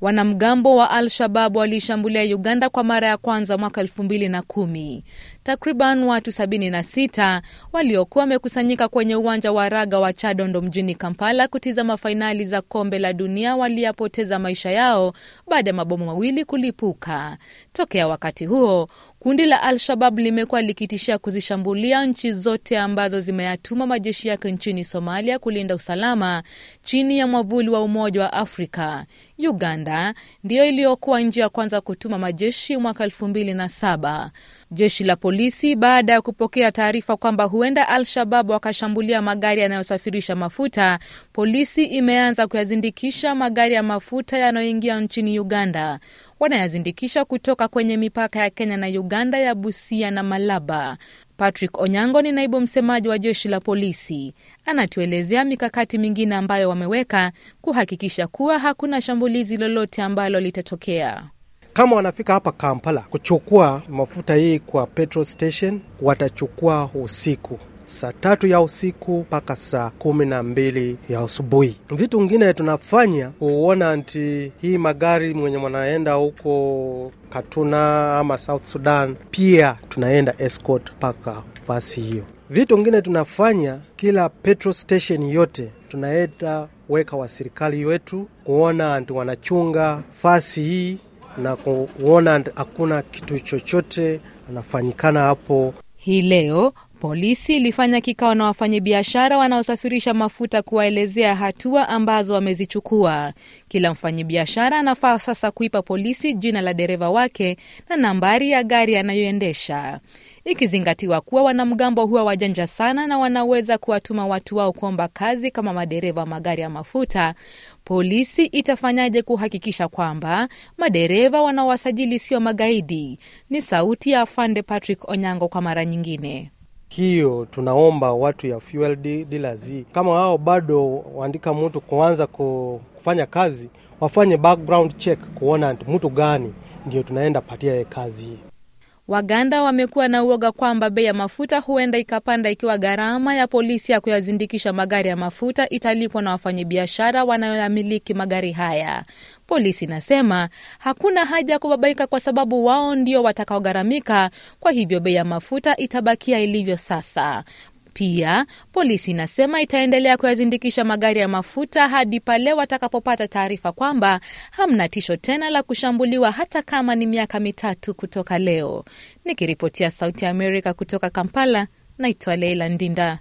Wanamgambo wa Al-Shabab waliishambulia Uganda kwa mara ya kwanza mwaka elfu mbili na kumi takriban watu 76 waliokuwa wamekusanyika kwenye uwanja wa raga wa Chadondo mjini Kampala kutizama fainali za kombe la dunia waliyapoteza maisha yao baada ya mabomu mawili kulipuka. Tokea wakati huo kundi la Al-Shabab limekuwa likitishia kuzishambulia nchi zote ambazo zimeyatuma majeshi yake nchini Somalia kulinda usalama chini ya mwavuli wa Umoja wa Afrika. Uganda ndiyo iliyokuwa nchi ya kwanza kutuma majeshi mwaka elfu mbili na saba. Jeshi la polisi polisi baada ya kupokea taarifa kwamba huenda Al-Shabab wakashambulia magari yanayosafirisha mafuta. Polisi imeanza kuyazindikisha magari ya mafuta yanayoingia nchini Uganda. Wanayazindikisha kutoka kwenye mipaka ya Kenya na Uganda ya Busia na Malaba. Patrick Onyango ni naibu msemaji wa jeshi la polisi, anatuelezea mikakati mingine ambayo wameweka kuhakikisha kuwa hakuna shambulizi lolote ambalo litatokea. Kama wanafika hapa Kampala kuchukua mafuta hii kwa petrol station, watachukua usiku saa tatu ya usiku mpaka saa kumi na mbili ya asubuhi. Vitu ngine tunafanya kuona nti hii magari mwenye mwanaenda huko Katuna ama South Sudan, pia tunaenda escort mpaka fasi hiyo. Vitu ngine tunafanya kila petrol station yote tunaenda weka wa serikali wetu kuona nti wanachunga fasi hii na kuona hakuna kitu chochote anafanyikana hapo. Hii leo polisi ilifanya kikao na wafanyabiashara wanaosafirisha mafuta kuwaelezea hatua ambazo wamezichukua. Kila mfanyabiashara anafaa sasa kuipa polisi jina la dereva wake na nambari ya gari anayoendesha ikizingatiwa kuwa wanamgambo huwa wajanja sana na wanaweza kuwatuma watu wao kuomba kazi kama madereva wa magari ya mafuta. Polisi itafanyaje kuhakikisha kwamba madereva wanaowasajili sio magaidi? Ni sauti ya fande Patrick Onyango kwa mara nyingine. Hiyo tunaomba watu ya fuel kama wao bado waandika mtu kuanza kufanya kazi, wafanye background check kuona mtu gani ndio tunaenda patia ye kazi Waganda wamekuwa na uoga kwamba bei ya mafuta huenda ikapanda ikiwa gharama ya polisi ya kuyazindikisha magari ya mafuta italipwa na wafanyabiashara wanayoyamiliki magari haya. Polisi inasema hakuna haja ya kubabaika kwa sababu wao ndio watakaogharamika, kwa hivyo bei ya mafuta itabakia ilivyo sasa. Pia polisi inasema itaendelea kuyazindikisha magari ya mafuta hadi pale watakapopata taarifa kwamba hamna tisho tena la kushambuliwa hata kama ni miaka mitatu kutoka leo. Nikiripotia Sauti ya Amerika kutoka Kampala, naitwa Leila Ndinda.